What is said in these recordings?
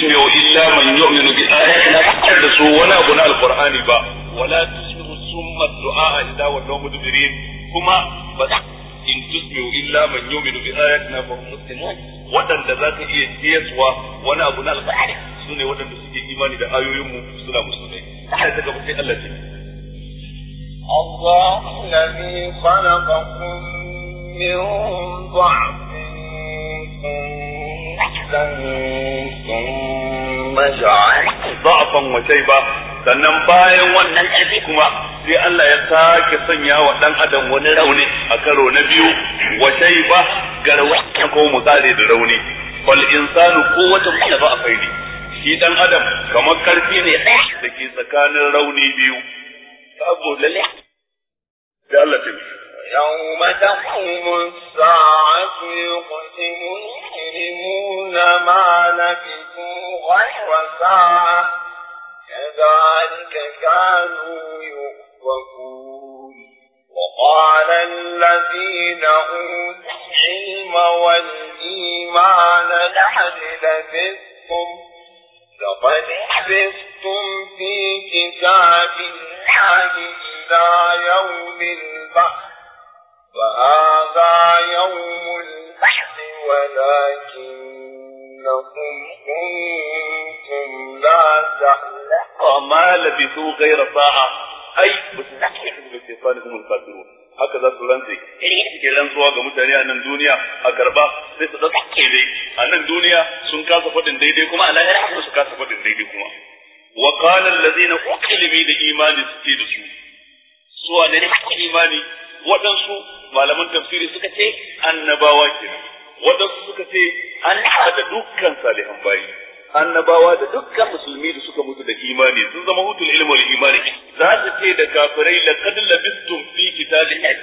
yusmi'u illa man yu'minu bi ayatina ba da su wani abu na alqur'ani ba wala tusmi'u summa du'a mudbirin kuma ba in tusmi'u illa man yu'minu bi ayatina fa hum muslimun wadanda iya wani abu na alqur'ani sune wadanda suke imani da ayoyinmu suna musulmai sai daga sai Allah ce الذي خلقكم من ضعف da'afan wa sannan bayan wannan ƙarfi kuma sai Allah ya sake sanya wa dan adam wani rauni a karo na biyu wa shayba garwa ko mutsare da rauni fal insanu quwwatan min da'afaini shi dan adam kamar karfi ne da ke tsakanin rauni biyu saboda lalle da Allah ta يوم تقوم الساعة يقسم المجرمون ما لبثوا غير ساعة كذلك كانوا يؤفكون وقال الذين أوتوا العلم والإيمان لقد لبثتم لقد لبثتم في كتاب الله إلى يوم البعث فهذا يوم الحق ولكنكم كنتم لا تعلمون وما لبثوا غير ساعة أي مستحيل هم الكافرون هكذا سلانتي ke rantsuwa ga mutane a nan duniya a karba sai su tsatsakke dai a nan duniya sun kasa faɗin daidai kuma a lahira haka su kasa faɗin daidai kuma da imani su da su suwa imani waɗansu malaman tafsiri suka ce annabawa kenan waɗansu suka ce an haɗa dukkan salihan bayi annabawa da dukkan musulmi da suka mutu da imani sun zama hutul ilmi wal imani za ce da kafirai laqad labistum fi kitabihi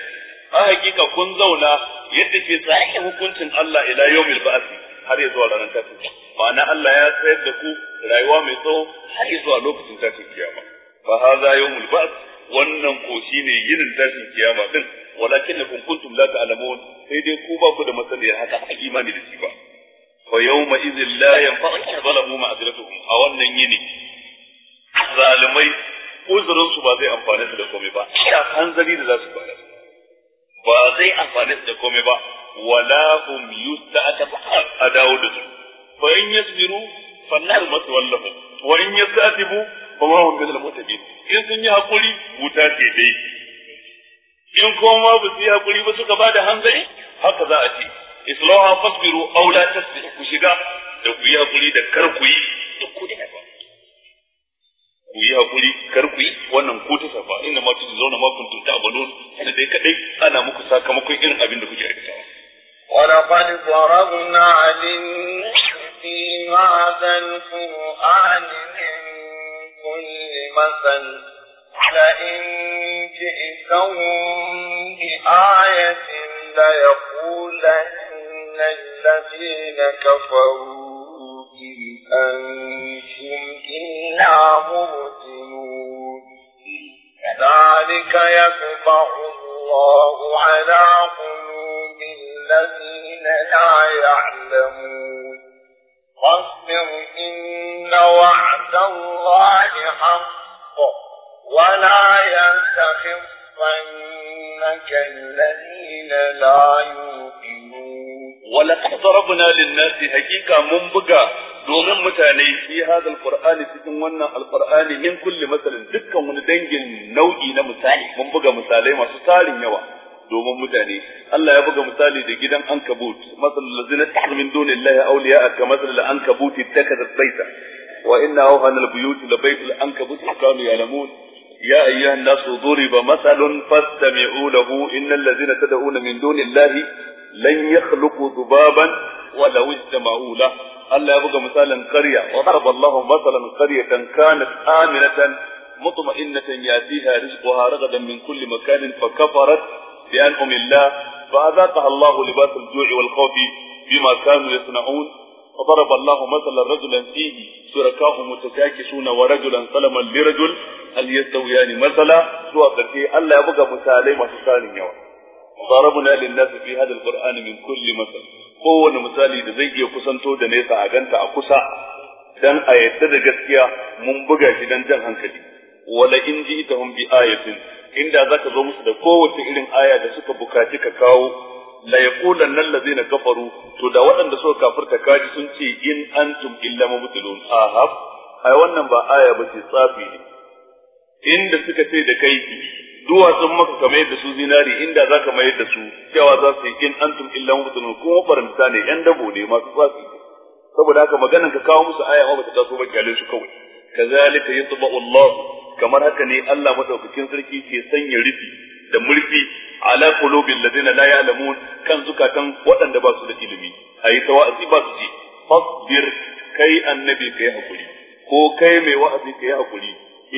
a hakika kun zauna yadda ke sahihin hukuncin Allah ila yawmil ba'th har ya zuwa ranar kafin ma'ana Allah ya tsayar da ku rayuwa mai tsawo har ya zuwa lokacin tashin kiyama fa hadha yawmul ba'th wannan ko shine yinin tashin kiyama din walakin kun kuntum la ta'lamun sai dai ku ba ku da masaniyar haka a imani da shi ba fa yawma idhil la yanfa'u zalamu ma'azratuhum a wannan yini zalimai uzurin su ba zai amfane su da komai ba ya hanzari da za su fara ba zai amfane su da komai ba wala hum yusta'atabu a dawo da su fa in yasbiru fannar masu wallahu wa in yasatibu kuma hum bil mutabin in sun yi hakuri wuta ke dai in kuma ba su yi hakuri ba suka bada hanzari haka za a ce islaha fasbiru aw ta tasbiru ku shiga da ku yi hakuri da kar ku yi duk ku ina ba ku yi hakuri kar ku yi wannan ku ta safa inda ma tuzu zauna ma kuntum ta'malun sai dai kadai ana muku sakamakon irin abin da kuke aikatawa ولقد ضربنا للناس في هذا القرآن من كل مثل لئن جئتهم بآية ليقولن الذين كفروا إن أنتم إلا مرسلون كذلك يطبع الله على قلوب الذين لا يعلمون فاصبر إن وعد الله حق ولا يستخفنك الذين لا يؤمنون ولقد ضربنا للناس حقيقة منبقى دون متاني في هذا القرآن تتنونا القرآن من كل مثل دكا من دنجل نوئي نمتاني منبقى مثالي ما ستالي نوئي domin mutane Allah ya buga misali da gidan ankabut masal lazina tahdu min dunillahi awliya ka masal al ankabut ittakadat baita wa inna awhana al buyut la bayt al ankabut kanu ya'lamun ya ayyuha an يا أيها الناس ضرب مثل فاستمعوا له إن الذين تدعون lan yakhluqu الله wa law istama'u la Allah ya buga misalan qarya wa وضرب الله masalan qaryatan kanat aminatan mutma'innatan yatiha رزقها ragadan min kulli makanin fakafarat لانهم الله فأذاقها الله لباس الجوع والخوف بما كانوا يصنعون وضرب الله مثلا رجلا فيه شركاء متشاكسون ورجلا سلما لرجل هل يستويان مثلا سوى قتي ألا يبقى مثالي مثالي يوم ضربنا للناس في هذا القرآن من كل مثل هو مثالي da zai دنيسا kusanto أقصى دن a ganta a kusa dan a wala in ji ji'tahum bi ayatin inda za ka zo musu da kowace irin aya da suka bukaci ka kawo la zai na kafaru to da waɗanda suka kafirta kaji sun ce in antum illa mubtilun aha? ai wannan ba aya ba ce tsafi ne inda suka ce da kai duwatsun maka ka mayar da su zinari inda za ka mayar da su cewa za su yi in antum illa mubtilun kuma mafaranta ne yan dabo ne masu tsafi saboda haka maganan ka kawo musu aya ma ba ta taso ba kyale su kawai kazalika yatba'u Allah kamar haka ne Allah maɗaukakin sarki ke sanya rufi da murfi ala qulubil ladina la ya'lamun kan zukatan waɗanda ba su da ilimi ayi tawazi ba su ji fasbir kai annabi kai hakuri ko kai mai wa'azi kai hakuri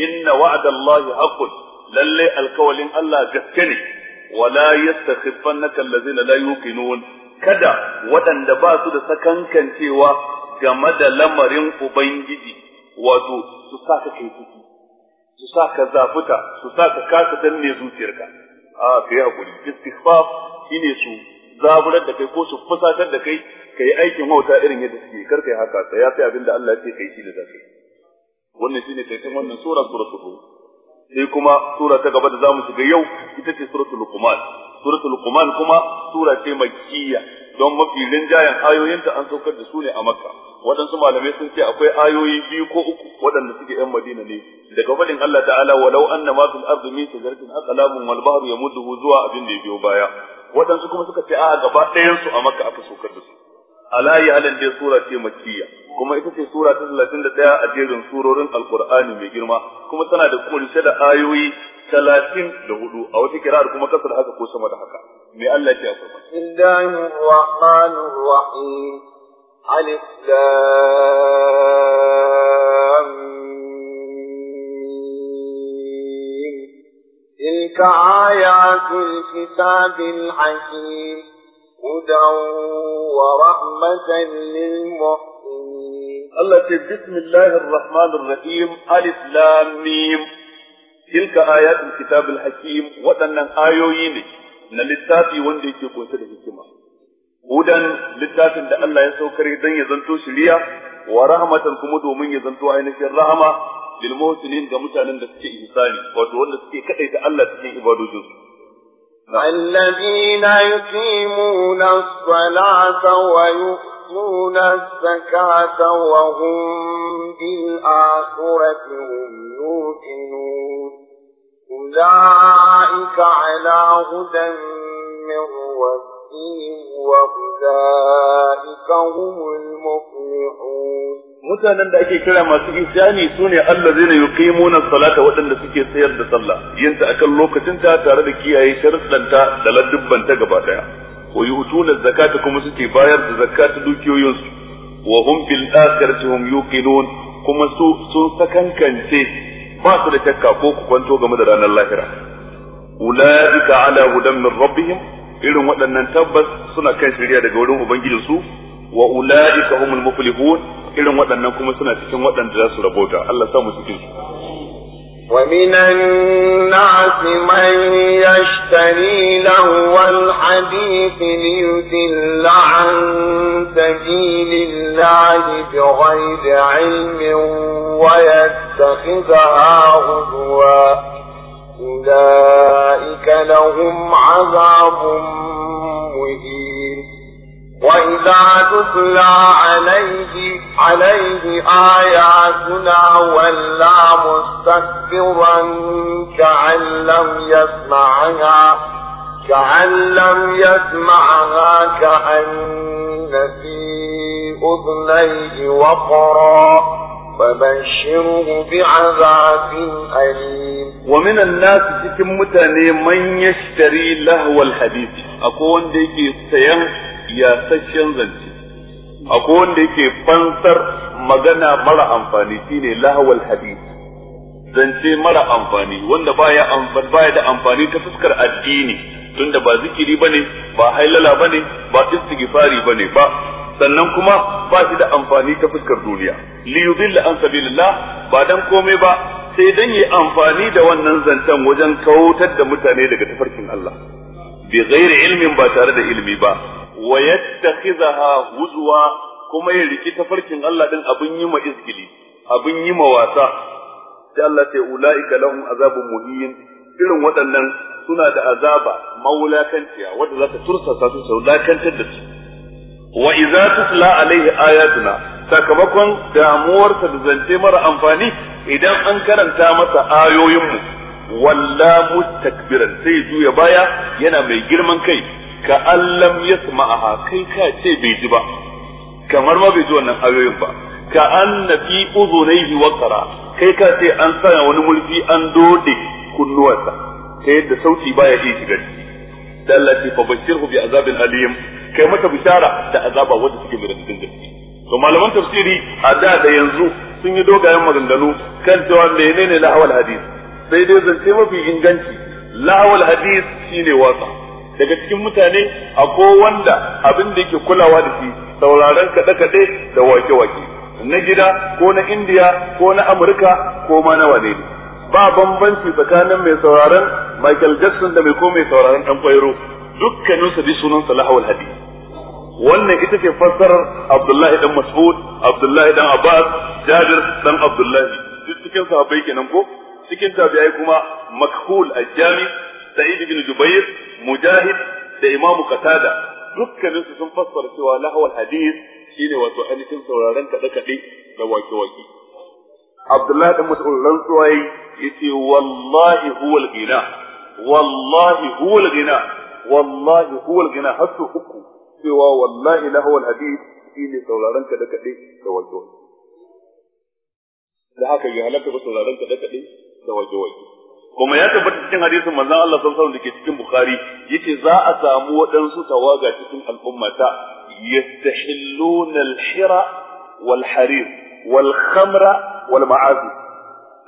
inna wa'dallahi haqqun lallai alkawalin Allah gaske ne wala yastakhifannaka allazina la yuqinun kada waɗanda ba su da sakankancewa game da lamarin ubangiji wato su sa ka kai ciki su sa ka zafuta su sa ka kasa danne zuciyarka a ka yi hakuri istighfar shine su zaburar da kai ko su fusatar da kai ka yi aikin wauta irin yadda suke kar kai haka sai ya sai abin da Allah ya kai shi da zakai wannan shine kai kan wannan sura suratul hud sai kuma sura ta gaba da zamu shiga yau ita ce suratul luqman suratul luqman kuma sura ce makkiya don mafi rinjayen ayoyinta an saukar da su ne a makka waɗansu malamai sun ce akwai ayoyi biyu ko uku waɗanda suke ‘yan Madina ne, daga faɗin Allah ta'ala walau an na mafi arzu min shajaratin aqlamun wal bahru yamudduhu zuwa abin da ya biyo baya. Waɗansu kuma suka ce a gaba ɗayan su a Makka aka sokar da su. Ala ya halin dai sura ce makkiya kuma ita ce sura ta talatin da ɗaya a jerin surorin Alƙur'ani mai girma kuma tana da kunshe da ayoyi talatin da hudu a wata kira kuma kasar haka ko sama da haka. Me Allah ya ce a kurma. Bismillahir ألف تلك آيات الكتاب الحكيم هدى ورحمة للمحسنين الله بسم الله الرحمن الرحيم ألف لام ميم تلك آيات الكتاب الحكيم وأن آيوين للتافي littafi wanda yake kunshe hudan littafin da Allah ya saukare dan ya zanto shiriya wa rahmatan kuma domin ya zanto ainihin rahama lil muhsinin da mutanen da suke ihsani wato wanda suke kadaita Allah cikin ibadojin su wa yu'tuna الصلاة zakata wa hum bil akhirati يوقنون أولئك على هدى من ربهم ربهم وأولئك هم المفلحون mutanen da ake kira masu ihsani su ne zai yuqimuna salata waɗanda suke sayar da sallah yinta akan lokacinta tare da kiyaye ɗanta da ta gaba daya wa yu'tuna zakata kuma suke bayar da zakata dukiyoyinsu wa hum bil akhirati hum yuqinun kuma su sun sakankance ba su da takka ko ku kwanto game da ranar lahira ulaika ala hudan min rabbihim irin waɗannan tabbas suna kan shirya daga wurin ubangijinsu wa ulaika humul muflihun irin waɗannan kuma suna cikin waɗanda za su rabota Allah sa mu cikin su wa minan nas man yashtari lahu wal hadith li yudilla an sabilillahi bi ghayri ilmin wa yattakhidha huwa أولئك لهم عذاب مهين وإذا تتلى عليه, عليه آياتنا ولى مستكبرا كأن لم يسمعها كأن لم يسمعها كأن في أذنيه وقرا فبشره بعذاب أليم ومن الناس cikin mutane من يشتري lahwal hadith أقول wanda yake يا yasashen zance أقول wanda yake fansar magana mara amfani shine lahwal zance mara amfani wanda baya baya da amfani ta fuskar addini tunda ba zikiri bane ba hailala bane ba istighfari bane ba sannan kuma ba shi da amfani ta fuskar duniya li yudilla an sabilillah ba dan komai ba sai dan yi amfani da wannan zantan wajen kautar da mutane daga tafarkin Allah bi ghairi ilmin ba tare da ilmi ba wa yattakhizaha huzwa kuma ya riki tafarkin Allah din abin yi ma izgili abin yi ma wasa sai Allah ce ulaika lahum azabun muhin irin waɗannan suna da azaba maulakanciya wanda za tursasa su saudakantar da su wa iza tutla alaihi ayatuna sakamakon damuwarsa da zance mara amfani idan an karanta masa ayoyinmu walla mustakbiran sai juya baya yana mai girman kai ka allam yasma'aha kai ka ce bai ji ba kamar ma bai ji wannan ayoyin ba ka anna fi wa qara kai ka ce an sanya wani mulki an dode kunnuwarsa kai yadda sauti baya iya shiga ciki dallati fa bashirhu bi azabin alim kai mata bishara da azaba wanda suke mai radadin gaske to malaman tafsiri a da da yanzu sun yi dogayen maganganu kan cewa menene lahawal hadis sai dai zance mafi inganci lahawal hadis shine wasa daga cikin mutane akwai wanda abin da yake kulawa da shi sauraron kaɗe-kaɗe da wake-wake na gida ko na indiya ko na amurka ko ma na wane ba bambanci tsakanin mai sauraron michael jackson da mai ko mai sauraron dan kwairo dukkanin su bi sunan sa lahawul wannan ita ce fassarar Abdullahi dan Mas'ud Abdullahi dan Abbas Jabir dan Abdullahi duk cikin sahabbai kenan ko cikin tabi'ai kuma makhul al-Jami Sa'id ibn Jubair Mujahid da Imam Qatada dukkanin su sun fassara cewa lahawul hadith shine wato ainihin sauraron kaɗe-kaɗe da wake-wake Abdullahi dan Mas'ud rantsuwa yace wallahi huwal ghina wallahi huwal ghina wallahi huwa gina ghina hasu uku cewa wallahi lahu al-hadith shine sauraron ka da kade da wajo da haka ya halaka ba sauraron ka da kade da wajo kuma ya tabbata cikin hadisin manzon Allah sallallahu alaihi wasallam dake cikin Bukhari yace za a samu waɗansu tawaga cikin al'ummata yastahilluna al-hira wal harir wal khamra wal ma'azi.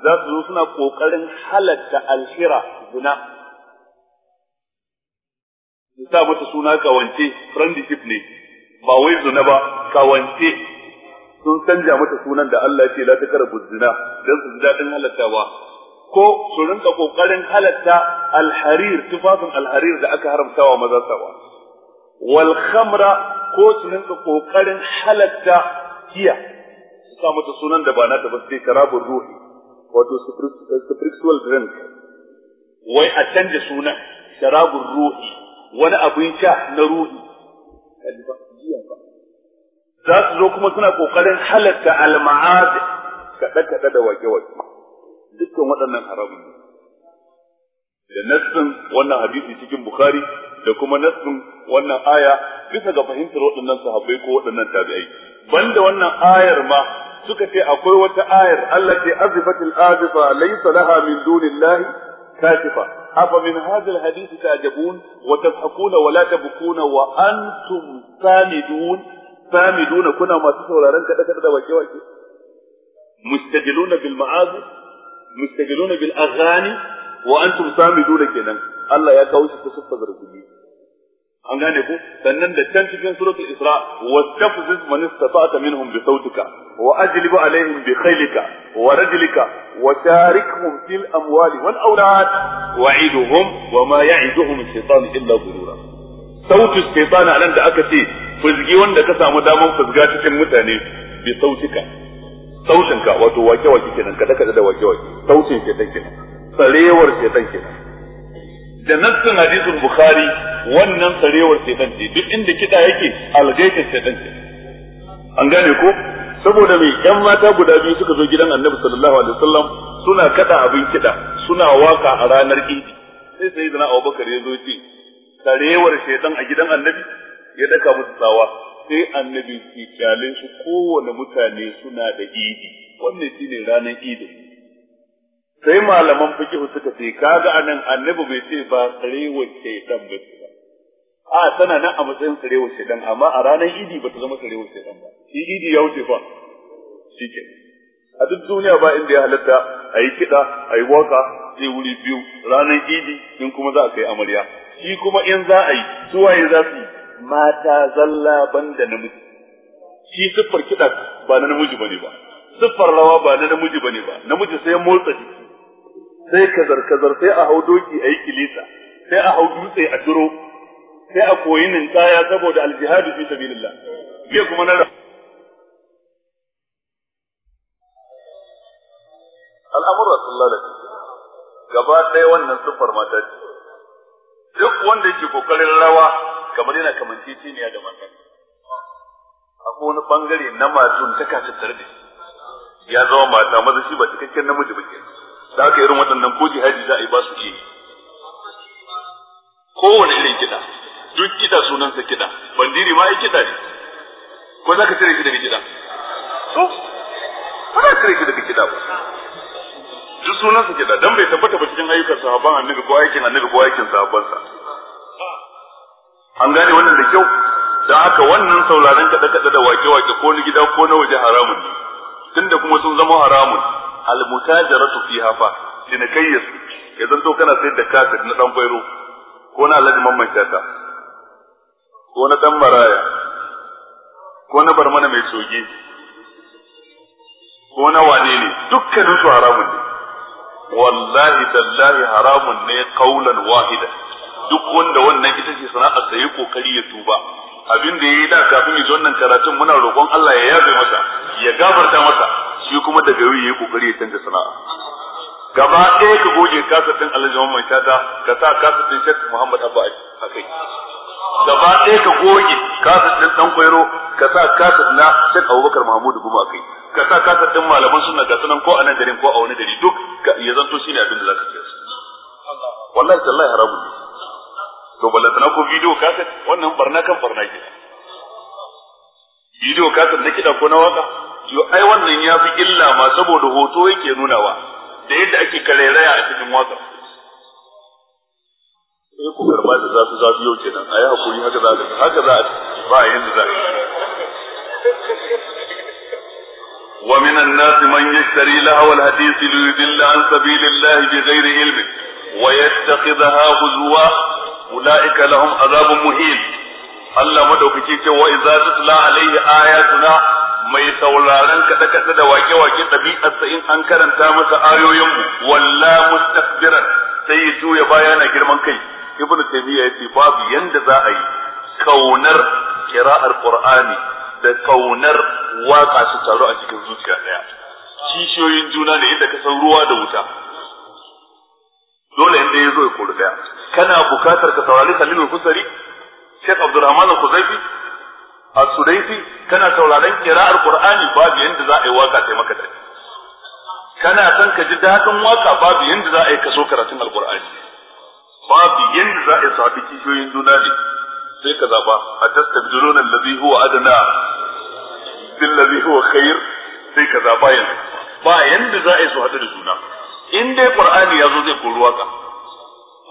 za su zo suna kokarin halatta al-hira zina sa mata suna kawance friendship ne ba wai zina ba kawance sun canja mata sunan da Allah ce la takarabu zina don su ji dadin halattawa ko su rinka kokarin halatta alharir tufafin alharir da aka haramtawa maza sawa wal khamra ko su rinka kokarin halatta giya su sa mata sunan da ba na ta ba sai karabun ruhi wato spiritual drink wai a canja sunan sharabun ruhi wani abin sha na ruhi za su zo kuma suna kokarin halatta alma'ad kaɗe kaɗe da wake wake dukkan waɗannan haramun ne da nassin wannan hadisi cikin bukhari da kuma nassin wannan aya bisa ga fahimtar waɗannan sahabbai ko waɗannan tabi'ai banda wannan ayar ma suka ce akwai wata ayar Allah ce azifatil azifa laysa laha min dunillahi katifa أفمن هذا الحديث تعجبون وتضحكون ولا تبكون وأنتم سامدون سامدون كنا ما تسول رنك تكرد وكي وكي مستجلون بالمعازف مستجلون بالأغاني وأنتم سامدون كنا الله يا كوشي تصفى برسولي an gane ku sannan da can cikin suratul isra wastafziz man istata'ta minhum bi sautika wa ajlib alaihim bi khaylika wa rajlika wa sharikhum fil amwali wal awlad wa'iduhum wa ma ya'iduhum ash-shaytan illa ghurura sautu shaytan nan da aka ce fuzgi wanda ka samu daman fuzga cikin mutane bi sautika sautinka wato wake wake kenan kada kada da wake wake sautin shaytan kenan sarewar shaytan kenan da nassin hadisul bukhari wannan sarewar shaitan ce duk inda kiɗa yake algaitin shaitan ce an gane ko saboda mai yan mata guda biyu suka zo gidan annabi sallallahu alaihi wasallam suna kada abin kiɗa suna waka a ranar idi sai sai zana abubakar ya zo ce sarewar shaitan a gidan annabi ya daka musu tsawa sai annabi ke kyale su kowane mutane suna da idi wannan shine ranar idi sai malaman fikihu suka ce kaga anan annabi bai ce ba sarewar wa ba a tana nan a matsayin sarewar shaidan amma a ranar idi ba ta zama sarewar shaidan ba shi idi ya wuce fa shi ke a duk duniya ba inda ya halatta a yi kiɗa a yi waka sai wuri biyu ranar idi in kuma za a kai amarya shi kuma in za a yi suwaye za su yi mata zalla da namiji shi siffar kiɗa ba na namiji ba ne ba siffar rawa ba na namiji ba ne ba namiji sai motsa jiki sai kazar kazar sai a hau doki a yi kilisa sai a hau dutse a duro sai a koyi tsaya saboda aljihadu fi sabilillah ke kuma na al'amura sun lalace gaba ɗaya wannan siffar mata ce duk wanda yake kokarin rawa kamar yana kamanceceniya da mata akwai wani bangare na masu ta tarbi ya zama mata maza shi ba cikakken namiji ba ke da haka irin waɗannan ko jihadi za a yi ba su iya kowane irin kiɗa duk kiɗa sunansa kiɗa bandiri ma ai kiɗa ne ko za ka cire shi daga kiɗa to ba za ka cire shi daga kiɗa ba duk sunansa kiɗa dan bai tabbata ba cikin ayyukan sahabban annabi ko aikin annabi ko aikin sahabbansa an gane wannan da kyau da haka wannan sauraron kaɗe-kaɗe da wake-wake ko na gida ko na waje haramun ne tunda kuma sun zama haramun almutajaratu fiha fa dinakayyas ya zanto kana sayar da kafir na dan bairo ko na alhaji mamman shata ko na dan maraya ko na barmana mai soge ko na wane ne dukkanin su haramun ne wallahi tallahi haramun ne kaulan wahida duk wanda wannan ita ce sana'a ta yi kokari ya tuba abin da yayi da kafin ya wannan karatun muna roƙon Allah ya yabe masa ya gafarta masa shi kuma daga yau yayi kokari ya canza sana'a gaba ɗaya ka goge kasatin aljawan mai shata ka sa kasafin shek Muhammad Abba a kai gaba ɗaya ka goge kasar ɗin ɗan kwairo ka sa kasar na shan abubakar kuma a kai ka sa kasar ɗin malaman suna ga sunan ko a nan garin ko a wani gari duk iya zanto shi ne abin da za ka ciyar wallahi tallahi haramun ne to ballantana ko bidiyo kasar wannan barna kan barna ke bidiyo kasar na kiɗa ko na waka yo ai wannan ya fi illa ma saboda hoto yake nunawa da yadda ake raya a cikin waka sai ku karba da za su zabiyo kenan a yi hakuri haka za a haka za a ba a yin da za a yi ومن الناس من يشتري لهو الحديث ليضل عن سبيل الله بغير علم ويتخذها هزوا أولئك لهم عذاب مهين Allah madaukaki ce wa idza tutla alaihi ayatuna mai sauraron kada kada da wake wake dabi'arsa in an karanta masa ayoyin walla mustakbiran sai ya juya baya na girman kai ibnu taymiya yace babu yanda za a yi kaunar kira'ar qur'ani da kaunar waka su taru a cikin zuciya daya kishiyoyin juna ne inda ka san ruwa da wuta dole inda ya zo ya kori daya kana bukatar ka saurari khalilul kusari Sheikh Abdulrahman al-Khuzaifi al-Sudaifi kana sauraron kira'ar Qur'ani babu yanda za a yi waka sai maka kana san ka ji dadin waka babu yanda za a yi kaso karatun al-Qur'ani babu yanda za a yi sabi kishiyoyin juna ne sai ka zaba a tastabdiluna allazi huwa Adana, bil ladhi huwa khair sai ka zaba yanzu ba yanda za a yi su hadu da juna in dai qur'ani ya zo zai koru waka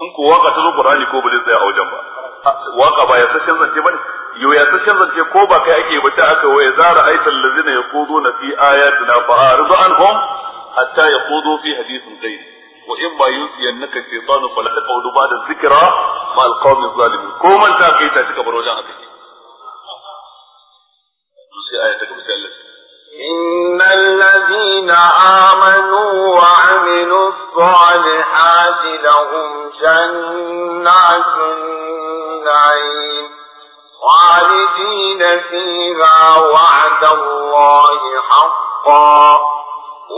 in ko waka ta zo qur'ani ko ba zai tsaya a wajen ba waka ba ya sashen zance ne? yo ya sashen zance ko ba kai ake bata aka waya zara aital ladina yaquduna fi ayatina fa aridu anhum hatta yaqudu fi hadithin ghayri وإما أنك الشيطان فلا تقعد بعد الذكرى مع القوم الظالمين كوما نسي آياتك وجهك إن الذين آمنوا وعملوا الصالحات لهم جنات النعيم خالدين فيها وعد الله حقا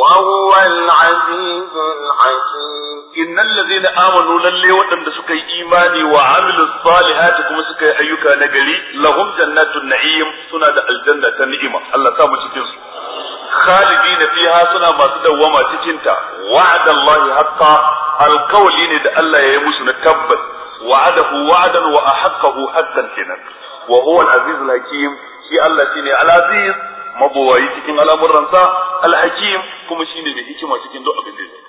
وهو العزيز الحكيم إن الذين آمنوا للي ودن سكي إيماني وعملوا الصالحات كما سكي أيوكا نجري لهم جنات النعيم سنة الجنة النعيمة الله سامو تكين خالدين فيها سنة ما تدوما تكينتا وعد الله حقا القولين دا الله يموس نتبت وعده وعدا وأحقه حقا كنا وهو العزيز الحكيم في الله سيني العزيز mabuwayi cikin al'amuransa al kuma shine mai hikima cikin duk abin da yake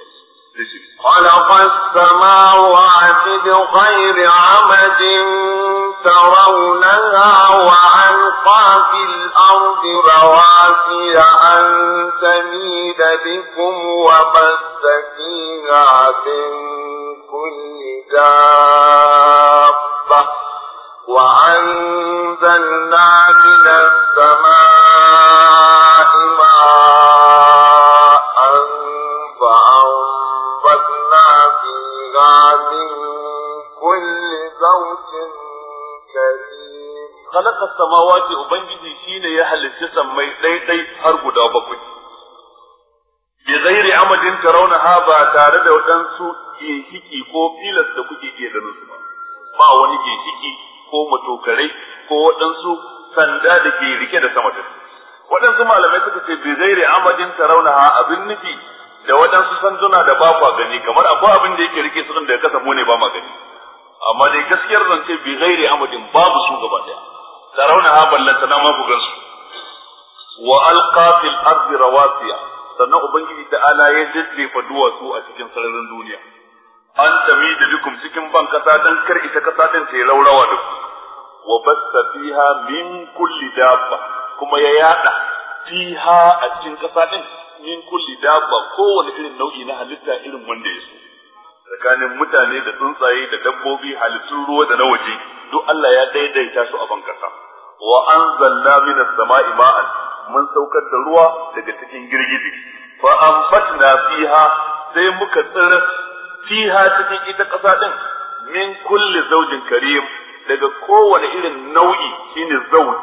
خلق السماوات بغير عمد ترونها وألقى في الأرض رواسي أن تميد بكم وبث فيها من كل دابة وأنزلنا من السماء khalaqa samawati ubangiji shine ya halicci sammai daidai har guda bakwai bi ghairi amadin tarawnaha ba tare da wadansu ginshiki ko filas da kuke iya ganin su ba ba wani ginshiki ko matokarai ko wadansu sanda da ke rike da sama din wadansu malamai suka ce bi ghairi amadin tarawnaha abin nufi da wadansu sanduna da ba kwa gani kamar akwai abin da yake rike su da ya kasa mu ne ba ma gani amma dai gaskiyar zance bi ghairi amadin babu su gaba daya tarawnaha ballanta na ma ku gansu wa alqa fil ardi rawasiya sannan ubangiji ta'ala ya jaddefa duwatsu a cikin sararin duniya an tami da bikum cikin ban kasa dan kar ita kasa din ta raurawa da wa basta fiha min kulli dabba kuma ya yada fiha a cikin kasa din min kulli dabba kowane irin nau'i na halitta irin wanda ya so tsakanin mutane da tsuntsaye da dabbobi halittun ruwa da na waje duk Allah ya daidaita su a ban wa anzalna minas sama'i ma'an mun saukar da ruwa daga cikin girgije fa ambatna fiha sai muka tsira fiha cikin ita ƙasa din min kulli zaujin karim daga kowane irin nau'i shine zawj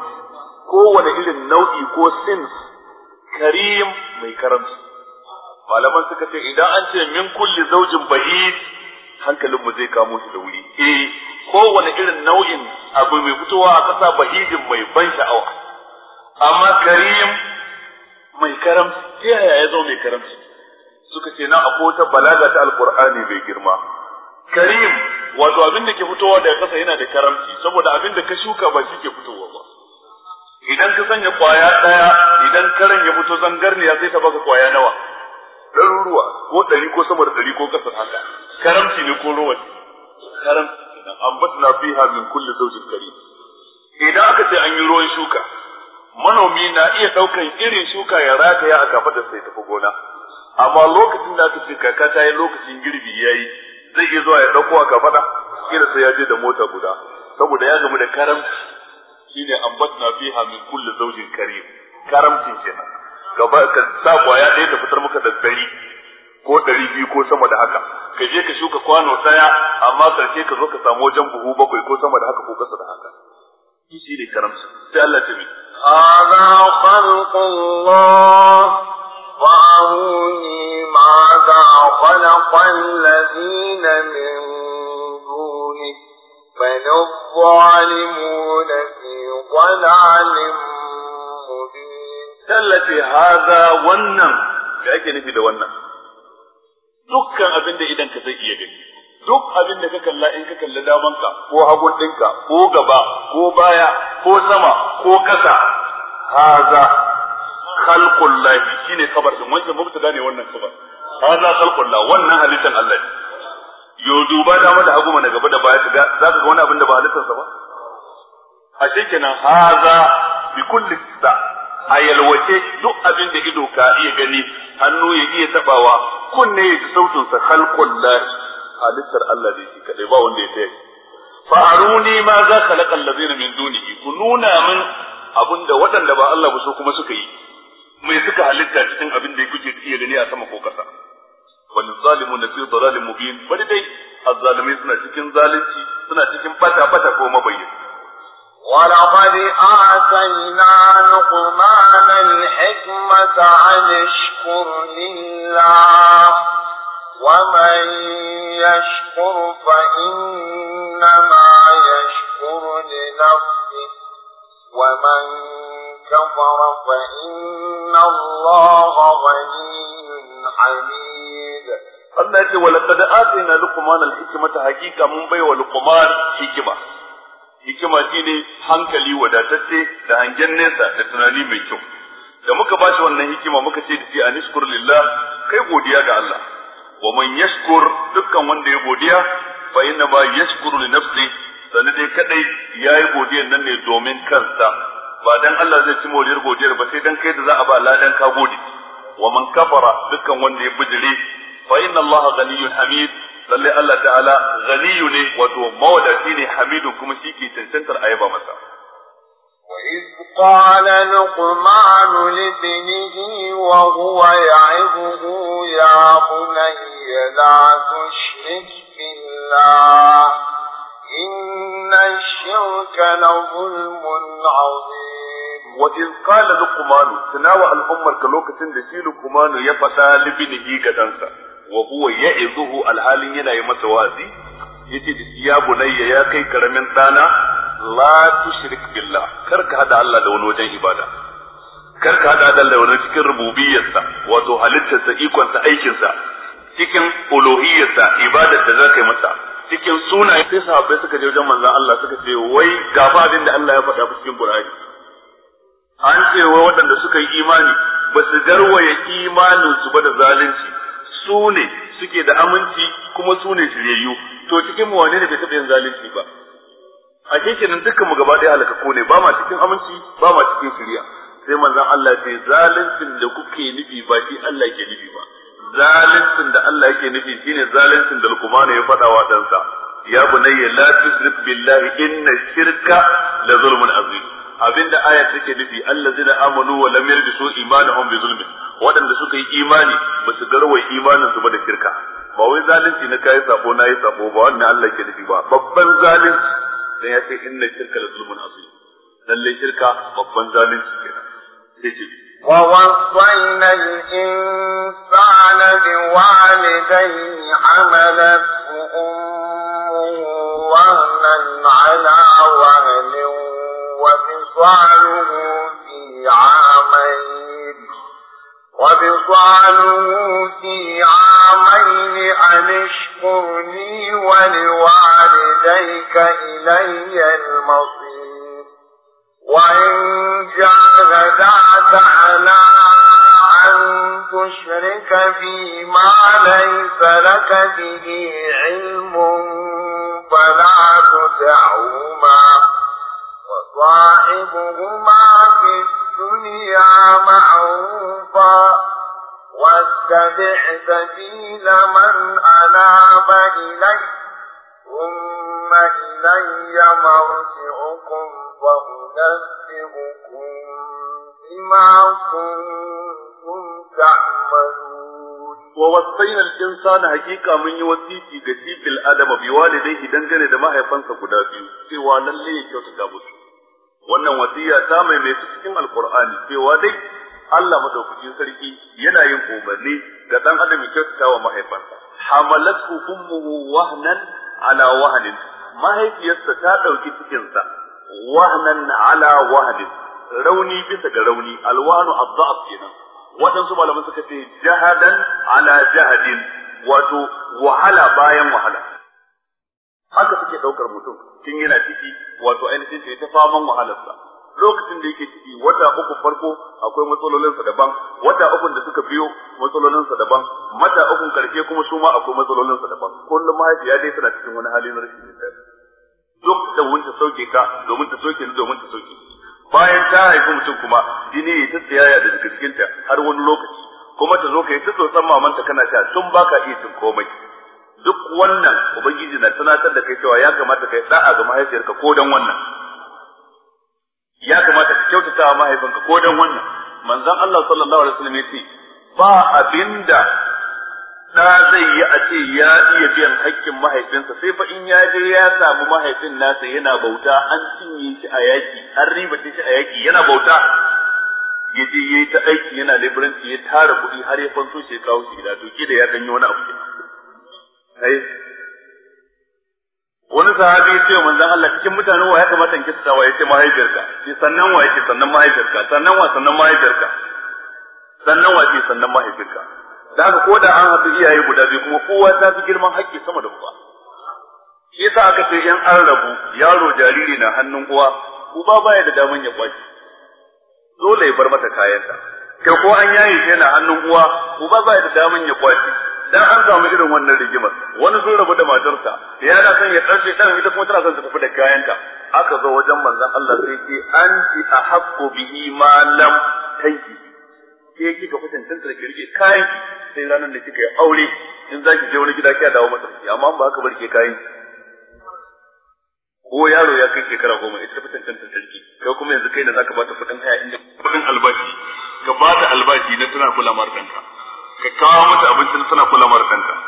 kowane irin nau'i ko sins karim mai karamci malaman suka ce idan an ce min kulli zaujin bahid hankalin mu zai kamo shi da wuri eh kowane irin nau'in abu mai fitowa a kasa bahidin mai ban sha'awa amma karim mai karamci ta yaya ya zo mai karamci suka ce na akwai wata balaga ta alkur'ani mai girma karim wato abin da ke fitowa daga kasa yana da karamci saboda abin da ka shuka ba shi ke fitowa ba idan ka sanya kwaya daya idan karen ya fito zangarniya sai ta baka kwaya nawa ɗaruruwa ko ɗari ko sama da ɗari ko ƙasar haka karamci ne ko ruwan. karamci kenan fiha min kulli zawjin karim idan aka ce an yi ruwan shuka manomi na iya ɗaukan irin shuka ya rataya a kafaɗar sai tafi gona amma lokacin da aka ce kaka ta yi lokacin girbi ya yi zai iya zuwa ya ɗauko a kafaɗa kira sai ya je da mota guda saboda ya gamu da karamci shine ambatna fiha min kulli zawjin karim karamcin kenan gaba ka sa kwaya ɗaya ta fitar maka da dari ko ɗari biyu ko sama da haka ka je ka shuka kwano ɗaya amma karshe ka zo ka samu wajen buhu bakwai ko sama da haka ko ƙasa da haka shi ne karamci sai Allah ta mi hadha khalqullah wa aruni ma za khalaqa alladhina min duni bal adh fi dhalalin tallafi hadha wannan da ake nufi da wannan dukkan abin da idan ka zai iya gani duk abin da ka kalla in ka kalli damanka ko hagun ɗinka ko gaba ko baya ko sama ko kasa haza khalqul lahi shine kabar din wancan da ne wannan kabar haza khalqul lahi wannan halittan Allah ne yo duba dama da hagu mana gaba da baya za zaka ga wani abin da ba halittar sa ba a kenan haza bi kulli sa a yalwace duk abin da ido ka iya gani hannu ya iya tabawa kunne ya ji sautin sa khalqul lahi halittar Allah da shi kadai ba wanda ya taya fa aruni ma za khalaqa allazina min dunihi ku nuna min abinda waɗanda ba Allah ba su kuma suka yi mai suka halitta cikin abin da kuke iya gani a sama ko kasa zalimu na fi dalalin mubin bari dai azzalimi suna cikin zalunci suna cikin bata bata ko mabayyana ولقد آتينا لقمان الحكمة أن اشكر لله ومن يشكر فإنما يشكر لنفسه ومن كفر فإن الله غني حميد Allah ya ce walaqad atina luqman al-hikmata mun baiwa luqman hikima hikima shine hankali wadatacce da hangen nesa da tunani mai kyau da muka bashi wannan hikima muka ce da shi anishkur lillah kai godiya ga Allah wa man yashkur dukkan wanda ya godiya fa inna ma sannan dai kadai yayi godiyar nan ne domin kansa ba dan Allah zai ci moriyar godiyar ba sai dan kai da za a ba ladan ka gode wa man kafara dukkan wanda ya bijire fa inna Allah ghaniyyun hamid lalle Allah ta'ala ghaniyu ne wato mawadaci ne hamidu kuma shi ke cancantar ayaba masa وإذ قال لقمان لابنه وهو يعظه يا بني لا تشرك بالله إن الشرك لظلم عظيم وإذ قال لقمان تناوى الأمة كلوكة لكي لقمان يفتى لابنه كدنسا وهو يعظه الحال ينعي متوازي yace يا بني يا كي كرمين karamin la tushrik billah kar ka hada Allah da wani wajen ibada kar ka hada Allah da wani cikin rububiyarsa wato halittarsa ikonsa aikinsa cikin uluhiyarsa ibadar da zaka yi masa cikin sunaye sai sahabbai suka je wajen manzon Allah suka ce wai gafa abin da Allah ya faɗa cikin Qur'ani an ce wai waɗanda suka yi imani ba su garwaye imanin su ba da zalunci su ne suke da aminci kuma su ne shiryayyu to cikin mu wane ne bai taɓa yin zalunci ba a dukkan mu gaba ɗaya halakaku ne ba ma cikin aminci ba ma cikin shirya sai manzon Allah ce zaluncin da kuke nufi ba shi Allah ke nufi ba zaluncin da Allah yake nufi shine zaluncin da Luqman ya faɗa wa ɗansa ya bunayya la tusrif billahi inna shirka la zulmun azim abinda aya take nufi allazina amanu wa lam yalbisu imanuhum bi zulmin waɗanda suka yi imani ba su garwaye imanin su ba da shirka ba wai zalunci na kai sabo na yi sabo ba wannan Allah ke nufi ba babban zalunci dan ya ce na shirka la zulmun azim lallai shirka babban zalunci kenan sai ووصينا الإنسان بوالديه حملته أمه وهنا على وهن وفصاله في عامين وبصانه في عامين أن اشكر لي ولوالديك إلي المصير وإن جاهداك على أن تشرك فيما ليس لك به علم فلا تدعهما وصاحبهما في Sun ya mahufa wasu dafisa biyu laman alama ilai umar na yi ma waje da hukumcimawa sun gama Wa wasu fainal jiyan Sani hakika mun yi wasifi da sifin alama biyu wa dangane da mahaifanka guda biyu cewa wa nan ne ya kyautata wannan wasiya ta su cikin alkur'ani cewa dai Allah madaukakin sarki yana yin umarni ga dan adam kyautata wa mahaifansa hamalatu ummuhu wahnan ala wahnin mahaifiyarsa ta dauki cikinsa wahnan ala wahnin rauni bisa ga rauni alwanu adda'af kenan waɗansu malaman suka ce jahadan ala jahadin wato wahala bayan wahala haka suke daukar mutum tun yana ciki wato ainihin sai ta faman wahalarsa lokacin da yake ciki wata uku farko akwai matsalolinsa daban wata uku da suka biyo matsalolinsa daban mata uku karshe kuma su ma akwai matsalolinsa daban kullum mahaifiya dai tana cikin wani hali na rashin lafiya duk da wunta sauke ka domin ta sauke ni domin ta sauke bayan ta haifi mutum kuma jini ya ta yaya da jikinta har wani lokaci kuma ta zo ka yi ta tsotsan mamanta kana sha tun baka iya cin komai duk wannan ubangiji na tunatar da kai cewa ya kamata kai da'a ga mahaifiyarka ko dan wannan ya kamata ka kyautata wa mahaifinka ko dan wannan manzon Allah sallallahu alaihi wasallam yace ba abinda da zai yi a ce ya iya biyan hakkin mahaifinsa sai fa in ya je ya samu mahaifin nasa yana bauta an cinye shi a yaki an riba shi a yaki yana bauta ya yayi ta aiki yana liberanci ya tara kuɗi har ya fanto shi ya kawo shi gida to da ya ganyo wani abu kenan Eh. wani sahabi ce mun zan Allah cikin mutanen wa ya kamata in kissa wa yace mahaifiyarka shi sannan wa yake sannan mahaifiyarka sannan wa sannan mahaifiyarka sannan wa yake sannan mahaifiyarka da haka ko da an haɗu iyaye guda biyu kuma kowa ta fi girman haƙƙi sama da kowa shi yasa aka ce in an rabu yaro jariri na hannun uwa uba baya da daman ya kwaci dole ya bar mata kayanta kai ko an yaye shi na hannun uwa uba baya da daman ya kwaci dan an samu irin wannan rigimar wani sun rabu da matarsa ya na son ya tsarce dan ita kuma tana son ta tafi da kayanta aka zo wajen manzon Allah sai ce anti ahaqqu bihi ma lam tanki ke kika tantar da rike kayan sai ranar da kika yi aure in za ki je wani gida kiya dawo masa amma ba ka barke kayan ko yaro ya kai shekara goma ita tafi tantance sarki kai kuma yanzu kai ka zaka ta kudin haya inda kudin albashi ka ta albashi na tana kula martanka ka kawo mata abincin suna kula markanta kanta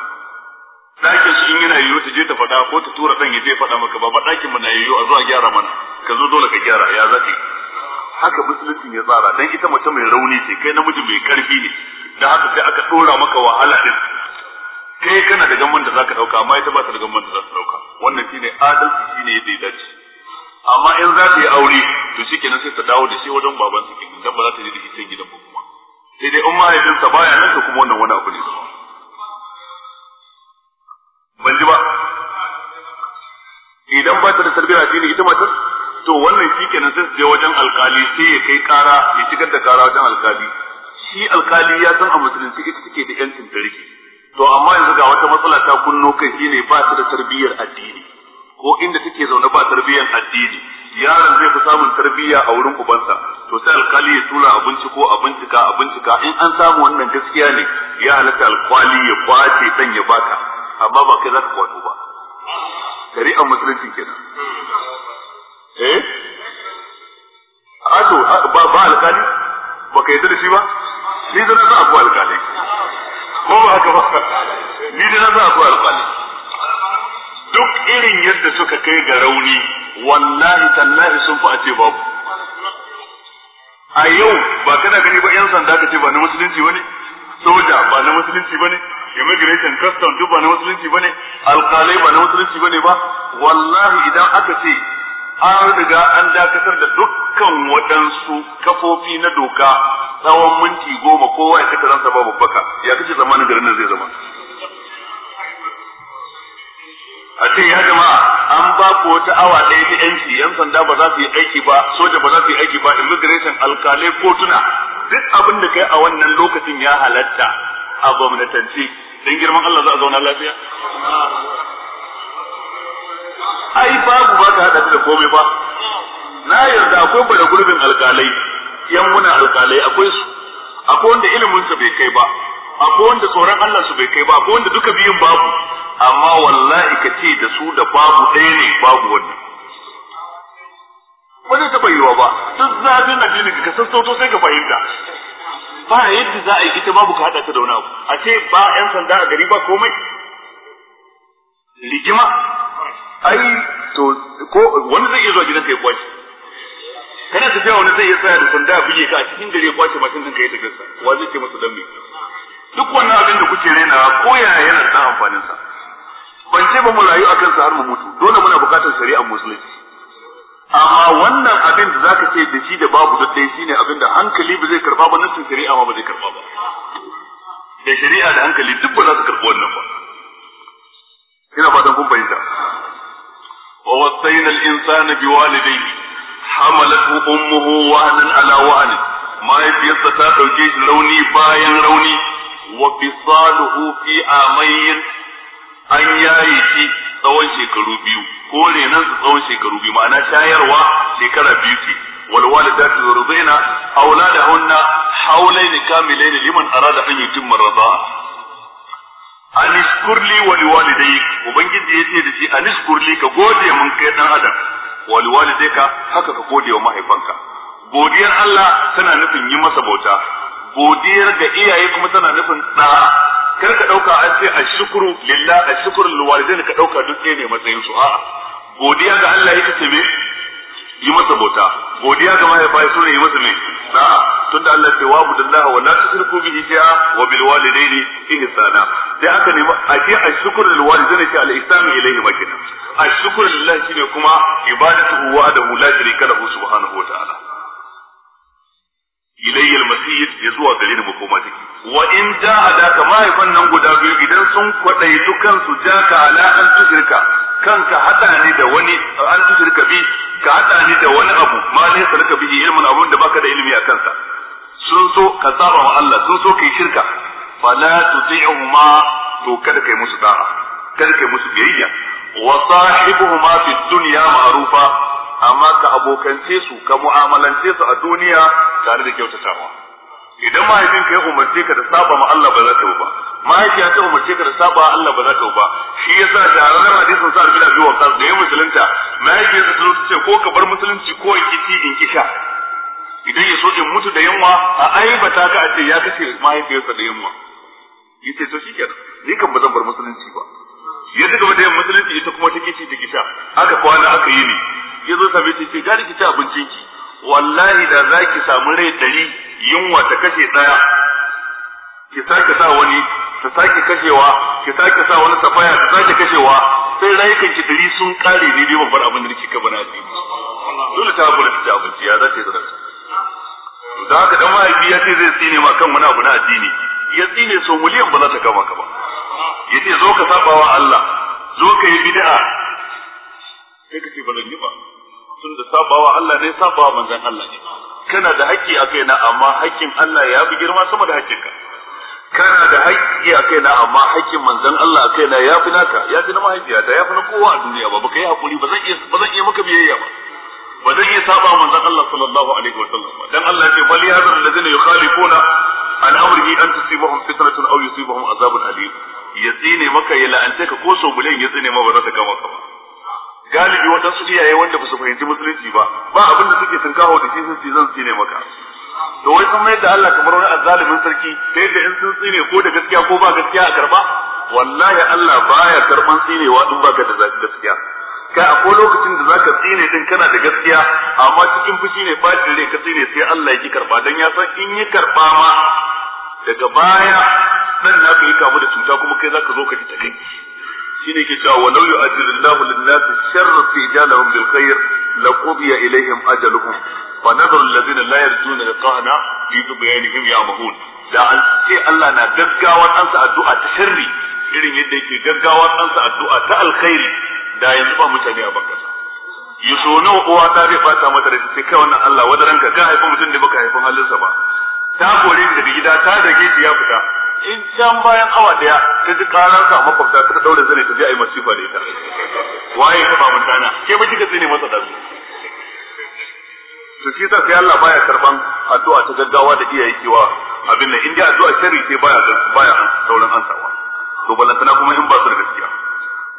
ɗakin su in yana yiwu ta je ta faɗa ko ta tura ɗan ya je faɗa maka ba ɗakin mu na yiwu a zuwa gyara mana ka zo dole ka gyara ya za haka musulunci ya tsara dan ita mace mai rauni ce kai namiji mai karfi ne da haka sai aka ɗora maka wahala din kai kana da gaman da zaka dauka amma ita ba ta da gaman da za ta dauka wannan shine adalci shine yadda ya dace amma in za ta yi aure to shikenan sai ta dawo da shi wajen baban su kenan dan ba za ta je da ita gidan ba sai dai in mahaifinsa baya nan to kuma wannan wani abu ne ban ji ba idan ba ta da tarbiyyar addini ita matar to wannan shi kenan sai su je wajen alkali sai ya kai kara ya shigar da kara wajen alkali shi alkali ya san a musulunci ita take da yancin ta rike to amma yanzu ga wata matsala ta kunno kai shine ba ta da tarbiyyar addini ko inda take zaune ba tarbiyyar addini yaron zai fi samun tarbiyya a wurin ubansa to sai alkali ya tura a binciko a bincika a bincika in an samu wannan gaskiya ne ya halatta alkali ya kwace dan ya baka amma ba kai za ka kwato ba shari'ar musulunci kenan eh ato ba ba alkali ba ka yarda da shi ba ni da na za a ko alkali ko ba haka ba ni da na za a ko alkali duk irin yadda suka kai ga rauni wallahi tallahi sun fi a ce babu a yau ba kana gani ba yan sanda ka ce ba na musulunci bane soja ba na musulunci bane immigration custom duk ba na musulunci bane alkalai ba na musulunci bane ba wallahi idan aka ce an riga an dakatar da dukkan waɗansu kafofi na doka tsawon minti goma kowa ya kata ransa babu baka ya kace zamanin garin nan zai zama a ce ya jama'a an ba ku wata awa ɗaya na yanci yan sanda ba za su yi aiki ba soja ba za su yi aiki ba immigration alkalai kotuna duk abin da kai a wannan lokacin ya halatta a gwamnatanci don girman Allah za a zauna lafiya ai babu ba ta hada da komai ba na yarda akwai bada gurbin alkalai yan muna alkalai akwai su akwai wanda ilimin su bai kai ba akwai wanda tsoron Allah su bai kai ba akwai wanda duka biyun babu amma wallahi ka ce da su da babu ɗaya ne babu wannan ba zai taɓa yiwa ba duk zafin addini ka sassauto sai ka fahimta ba yadda za a yi ita babu ka haɗa ta da wani abu a ce ba 'yan sanda a gari ba komai rigima ai to ko wani zai iya zuwa gidan ya kwace kana tafiya wani zai iya tsaya da sanda buge ka a cikin dare ya kwace mashin ka yi da gasa, wa zai ce masa danbe. duk wannan abin da kuke rena ko yana yana da amfanin sa ban ce ba mu rayu akan sa har mu mutu dole muna bukatar shari'ar musulunci amma wannan abin da zaka ce da shi da babu da dai shine abin da hankali ba zai karba ba nassin shari'a ma ba zai karba ba da shari'a da hankali duk ba za su karbi wannan ba ina fatan kun fahimta wa wasayna al-insana biwalidayhi hamalatu ummuhu wahnan ala wahn mahaifiyarsa ta dauke shi rauni bayan rauni wa fisaluhu fi amayn an yaye shi tsawon shekaru biyu ko renan su tsawon shekaru biyu ma'ana shayarwa shekara biyu ce wal walidatu yurdaina auladahunna hawlayn kamilayn liman arada an yutimma rida'a an iskurli wa ubangiji yace da shi an iskurli ka gode mun kai dan adam wa liwalidayka haka ka gode wa mahaifanka godiyar Allah tana nufin yi masa bauta godiyar ga iyaye kuma tana nufin da kar ka dauka an ce ashkuru lillah ashkuru lil ka dauka duk ne matsayin su a'a godiya ga Allah yake ce me yi masa bauta godiya ga mahaifa ya sune yi masa me na tunda Allah ce wa budallahi wa la tusriku bihi shay'a wa bil walidaini ihsana sai aka ne a ce ashkuru lil walidain ke al ihsanu ilayhi makina ashkuru lillah shine kuma ibadatu wa adahu la sharika lahu subhanahu wa ta'ala ilayya al ya zuwa gare ni makoma take wa in jahadaka mahaifan nan guda biyu idan sun kwadaitu kansu jaka ala an tusirka kanka hada ni da wani an tusirka bi ka hada ni da wani abu ma ne salaka bi ilmin abun da baka da ilimi a kansa sun so ka saba wa Allah sun so kai shirka fala tuti'uhuma to kada kai musu da'a kada kai musu biyayya wa sahibuhuma fid dunya ma'rufa amma ka abokance su ka mu'amalance su a duniya tare da kyautatawa idan mahaifin ka ya umarce ka da saba ma Allah ba za ka ba mahaifiya ta umarce ka da saba Allah ba za ka ba shi yasa da ranar hadisin sa albina biyu wa da ya musulunta mahaifiyarsa ta zo ce ko ka bar musulunci ko in kici in kisha idan ya so in mutu da yunwa a aibata ka a ce ya kace mahaifiyarsa da yunwa yace to shikenan ni kan ba zan bar musulunci ba ya ci gaba da yin musulunci ita kuma ta kici ta kisha aka kwana aka yi ne ya zo same ta ce gari ki ci abincin ki wallahi da za ki samu rai dari yunwa ta kashe ɗaya ki sake sa wani ta sake kashewa ki sake sa wani safaya ta sake kashewa sai rayukan ki dari sun kare ne dai babbar abin da nake ka bana asiri dole ta hakura ta abinci ya za ta yi zara da haka dan mahaifi ya ce zai tsine ma kan wani abu na addini ya tsine so miliyan ba za ta kama ka ba ya ce zo ka saba wa Allah zo ka yi bid'a sai ka ce ba zan yi ba tun da sabawa Allah ne sabawa manzon Allah ne kana da haƙƙi a kaina amma haƙƙin Allah ya fi girma sama da haƙƙinka kana da haƙƙi a kaina amma haƙƙin manzon Allah a kaina ya fi naka ya fi na mahaifiyata ya fi na kowa a duniya ba baka yi hakuri ba zan iya ba zan iya maka biyayya ba ba zan iya saba manzon Allah sallallahu alaihi wa sallam dan Allah ya ce bal yahzar alladhina yukhalifuna an amrihi an tusibahum fitnatun aw yusibahum azabun alim ya tsine maka ya la'ance ka ko so bulen ya tsine ma ba za ta kama ka ba galibi waɗansu iyaye wanda ba su fahimci musulunci ba ba abin da suke tunkaho da shi sun ce zan tsine maka to wai sun da Allah kamar wani azzalimin sarki sai da in sun tsine ko da gaskiya ko ba gaskiya a karba wallahi Allah baya karban tsinewa in ba ka da gaskiya kai akwai lokacin da zaka tsine din kana da gaskiya amma cikin fushi ne bacin rai ka tsine sai Allah ya ki karba dan ya san in yi karba ma daga baya dan na ka yi kamu da cuta kuma kai zaka zo ka ji ta shine ke cewa wa law yu'ajjilullahu lin-nas sharra tijalahum bil khair laqudiya ilayhim ajaluhum fa nadharu alladhina la yarjuna liqa'ana fi tubyanihim ya'mahun da an ce Allah na gaggawar ansa addu'a ta sharri irin yadda yake gaggawar ansa addu'a ta alkhairi da yanzu ba mutane a bankasa yaso nawa uwa ta zai fata mata da sai kai wannan Allah wadaranka ka haifa mutum da baka haifin halinsa ba ta kore daga gida ta dage ya fita in can bayan awa daya ta ji karar sa makwabta suka daure zane ta je ayi masifa da ita waye ta ba mutana ke ba kika tsine masa dazu to shi sai Allah baya karban addu'a ta gaggawa da iyaye kewa abin nan in addu'a sharri ce baya baya sauran ansawa to balantana kuma in ba su da gaskiya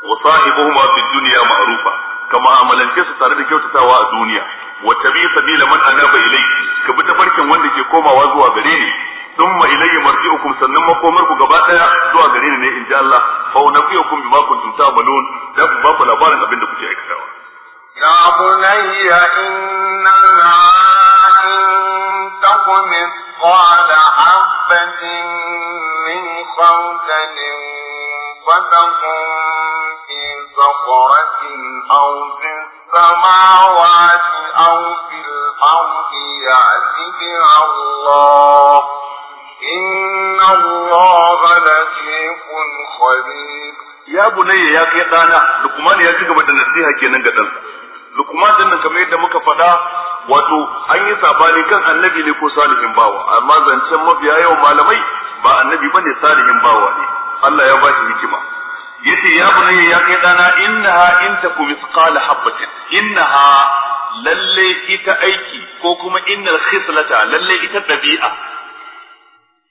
wa sahibuhuma fi dunya ma'rufa kama amalance su tare da kyautatawa a duniya wa tabi sabila man anaba ilayhi ka bi tafarkin wanda ke komawa zuwa gare ni thumma ilayya marji'ukum sannan makomar ku gaba daya zuwa gare ni ne in ji Allah fa unabiyukum bima kuntum ta'malun da ku ba ku labarin abin da kuke aikatawa ya bunayya inna in takum qala habatin min khawdalin fatakun fi saqratin aw fi السماوات أو في الأرض يأتي بها الله إن الله لطيف خبير يا بني يا كيدانا لقمان يا كيغا بدن نصيحة كينان غدان لقمان دين kamar yadda muka faɗa wato an yi sabani kan annabi ne ko salihin bawa amma zancen mafiya yawan malamai ba annabi bane salihin bawa ne Allah ya ba shi hikima yace ya bunayya ya kai dana innaha in taku misqala habatin innaha lalle ita aiki ko kuma innal khislata lalle ita dabi'a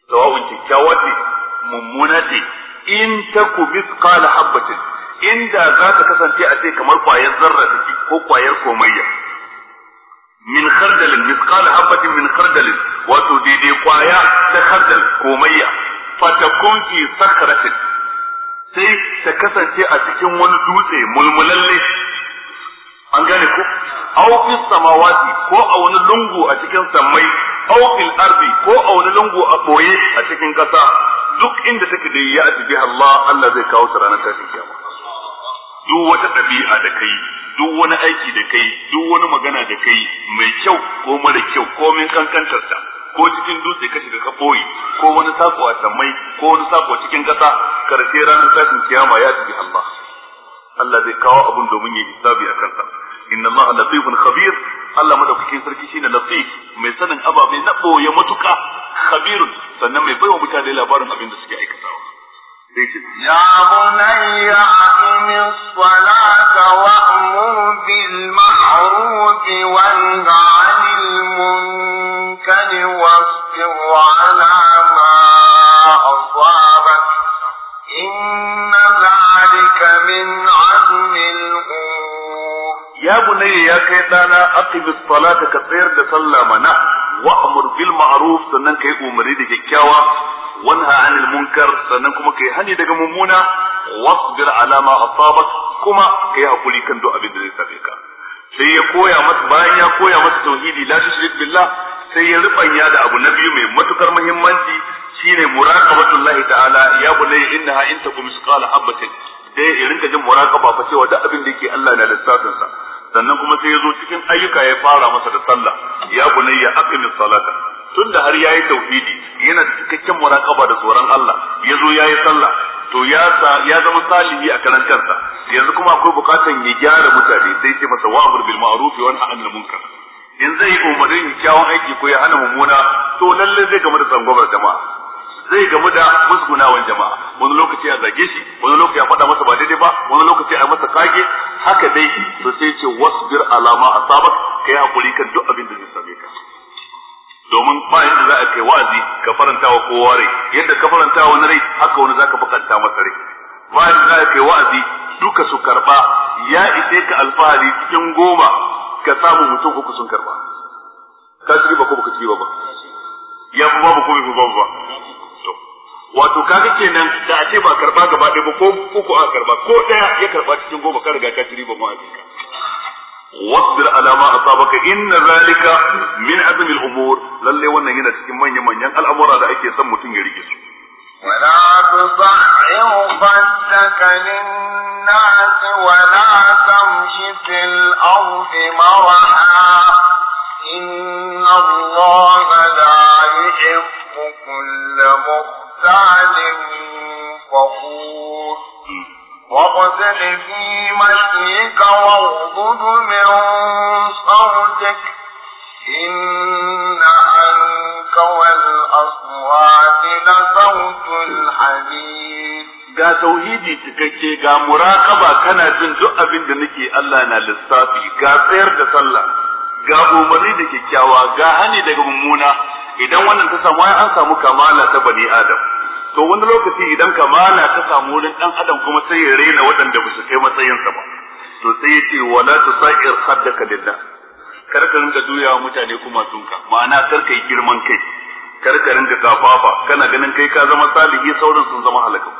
sawa'un kyakkyawa ce mummuna ce in taku misqala habbatin inda za ka kasance a ce kamar kwayar zarra take ko kwayar komayya min khardalin misqala habbatin min khardalin wato daidai kwaya ta khardal komayya fatakun fi sakratin sai ta kasance a cikin wani dutse mulmulalle an gane ko au fi samawati ko a wani lungu a cikin sammai aw fil ko a wani lungu a boye a cikin kasa duk inda take da ya atibi Allah Allah zai kawo ta ranar tashin kiyama duk wata ɗabi'a da kai duk wani aiki da kai duk wani magana da kai mai kyau ko mara kyau komin kankantarta ko cikin dutse ka shiga ka ko wani sako a sammai ko wani sako cikin kasa karshe ranar tashin kiyama ya atibi Allah Allah zai kawo abun domin ya hisabi a kansa ان الله لطيف خبير الله ماذا كي سركي شيء لطيف مثلا أبا من نبو يمتك خبير سنما يبقى مكان لابار ما بين دسكي أي كتاب يا بني أقم الصلاة وأمر بالمعروف وانه عن المنكر واصبر على ya bunayya ya kai dana aqimis salata ka tsayar da sallah mana wa amur bil ma'ruf sannan kai umari da kyakkyawa wanha anil munkar sannan kuma kai hani daga mummuna wasbir ala ma asabak kuma kai hakuri kan do abin da zai same ka sai ya koya masa bayan ya koya masa tauhidi la tushrik billah sai ya rubanya da abu na biyu mai matukar muhimmanci shine muraqabatullahi ta'ala ya bunayya innaha in takum misqala habatin dai ya rinka jin muraqaba fa cewa duk abin da yake Allah na lissafin sa sannan kuma sai ya zo cikin ayyuka ya fara masa da sallah ya bunayya aqimi salata tunda har yayi tauhidi yana da cikakken muraqaba da tsoron Allah ya zo yayi sallah to ya ya zama salihi a karan kansa yanzu kuma akwai bukatan ya gyara mutane sai ce masa wa'mur bil ma'ruf wa nahy anil munkar in zai yi umarni kyawun aiki ko ya hana mummuna to lalle zai gama da tsangwamar jama'a zai gamu da musgunawan jama'a wani lokaci a zage shi wani lokaci a faɗa masa ba daidai ba wani lokaci a masa kage haka dai to sai ce wasbir alama asabak kai hakuri kan duk abin da zai same ka domin ba yadda za a kai wa'azi ka faranta wa kowa rai yadda ka faranta wa wani rai haka wani zaka bukanta masa rai ba yadda za a kai wa'azi duka su karba ya ise ka alfahari cikin goma ka samu mutum uku sun karba ka ci ba ko baka ci ba ya fi babu ko bai fi babu ba wato ka kaga kenan da a ce ba karba gaba ɗaya ba ko uku a karba ko ɗaya ya karba cikin goma ka riga ka ci riba mu ajinka wasbir ala asabaka inna zalika min azmi al-umur lalle wannan yana cikin manyan manyan al'amura da ake son mutum ya rike su ولا تصعر خدك للناس ولا تمش في الأرض مرحا إن الله ببهتان فخور واقتل في مشيك واغضض من صوتك إن عنك والأصوات لصوت الحديد ga tauhidi cikakke ga murakaba kana jin duk abin da nake Allah na lissafi ga tsayar da sallah ga umarni da kyakkyawa ga hani daga mummuna idan wannan ta samu ai an samu kamala ta bani adam to wani lokaci idan kamala ta samu wurin dan adam kuma sai ya rena waɗanda ba su kai matsayinsa ba to sai ya ce wala sa'ir haddaka lillah kar ka rinka juyawa mutane kuma sunka ma'ana kar ka yi girman kai kar ka rinka kafafa kana ganin kai ka zama salihi sauran sun zama halaka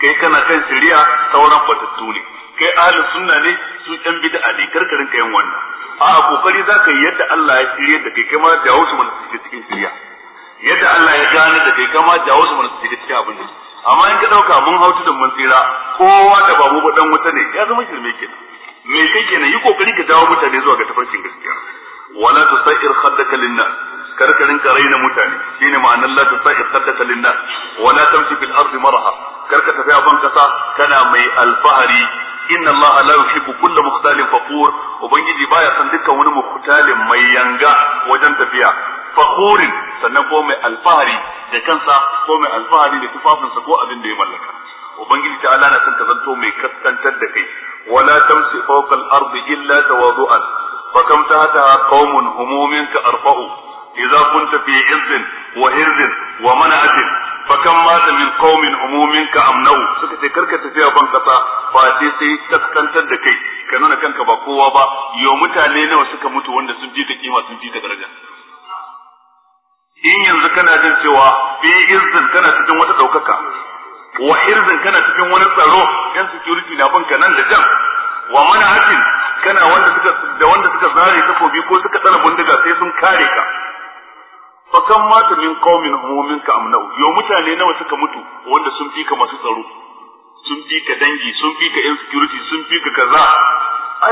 kai kana kan shari'a sauran fatattu ne kai ahlus sunna ne su dan bid'a ne kar ka rinka yin wannan a'a kokari zaka yi yadda Allah ya shirye da kai kai ma jawo su mun cikin shari'a yadda Allah ya gane da kai kama jawo su mana su shiga cikin abin amma in ka dauka mun hautu da mun tsira kowa da babu ba dan wuta ne ya zama shirme kenan me kai kenan yi kokari ka dawo mutane zuwa ga tafarkin gaskiya wala tusair khaddaka linnas kar ka rinka raina mutane shine ma'anar la sa'ir khaddaka linnas wala tamshi fil ardi maraha kar ka tafi a ban kasa kana mai alfahari inna Allah la yuhibbu kulla mukhtalin fakhur ubangiji baya san dukkan wani mukhtalin mai yanga wajen tafiya fakurin sannan ko mai alfahari da kansa ko mai alfahari da tufafinsa ko abin da ya mallaka ubangiji ta Allah na san ka zanto mai kaskantar da kai wala tamsi fawqa al-ard illa tawadu'an fa kam tahtaha qaumun humumin ka arfa'u idza kunta fi izzin wa hirzin wa mana'atin fa kam mata min qaumin humumin ka amna'u suka ce karka tafiya ban kasa fa sai kaskantar da kai ka nuna kanka ba kowa ba yo mutane nawa suka mutu wanda sun ji ka kima sun ji ka daraja in yanzu kana jin cewa fi izin kana cikin wata daukaka wa izin kana cikin wani tsaro yan security na banka nan da jan, wa mana hakin kana wanda suka da wanda suka zare takobi ko suka tsara bindiga sai sun kare ka fa kan mata min qaumin umumin ka amna'u yo mutane nawa suka mutu wanda sun ka masu tsaro sun fi ka dangi sun fi yan security sun ka kaza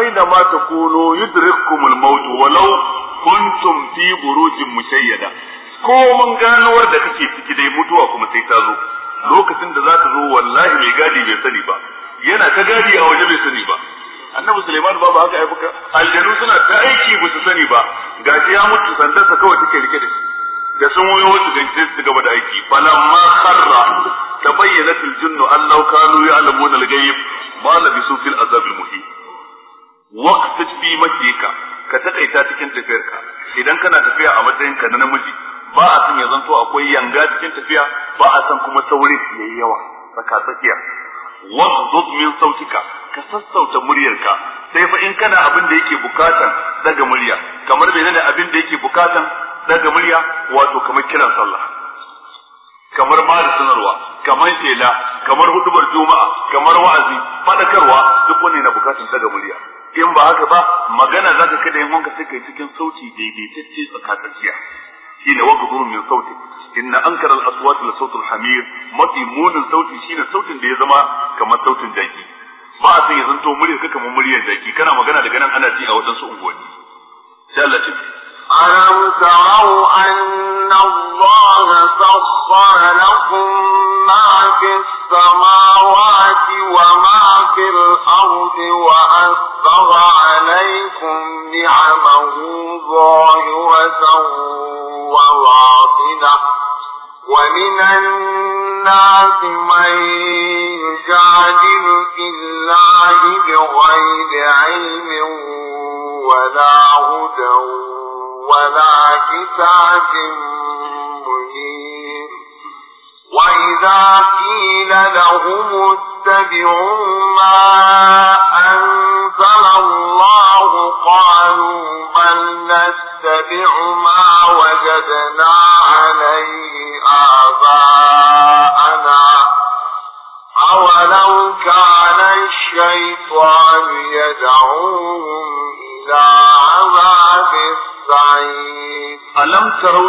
aina ma takunu yudrikkumul maut walau kuntum fi burujin musayyada. komin ganowar da kake ciki dai mutuwa kuma sai ta zo lokacin da za ta zo wallahi mai gadi bai sani ba yana ta gadi a waje bai sani ba annabi suleiman babu haka ai buka aljanu suna ta aiki ba su sani ba shi ya mutu sandarsa kawai take rike da shi da sun wuyo wasu ganci su gaba da aiki falamma kharra tabayyanat aljunnu an law kanu ya'lamun alghayb ma labisu fil azab al waqtat fi makika ka takaita cikin tafiyarka idan kana tafiya a matsayinka na namiji ba a san ya zanto akwai yanga cikin tafiya ba a san kuma saurin yayi yawa tsaka tsakiya wasdud min sautika ka sassauta muryarka sai fa in kana abin da yake bukatan daga murya kamar bai menene abin da yake bukatan daga murya wato kamar kiran sallah kamar bada sanarwa kamar shela kamar hudubar juma'a kamar wa'azi fadakarwa duk wani na bukatan daga murya in ba haka ba magana zaka kada yin wanka sai kai cikin sauti daidaitacce tsakatsakiya شين وجدون من صوته إن أنكر الأصوات لصوت الحمير مضي مون الصوت شين صوت ديزما كما صوت جاكي ما أتني زنتو مريض كما مريض جاكي كنا مجانا لجانا أنا جي أو جنس أمواني سألة شبك ألم تروا أن الله سخر لكم ما في السماوات وما في الأرض وما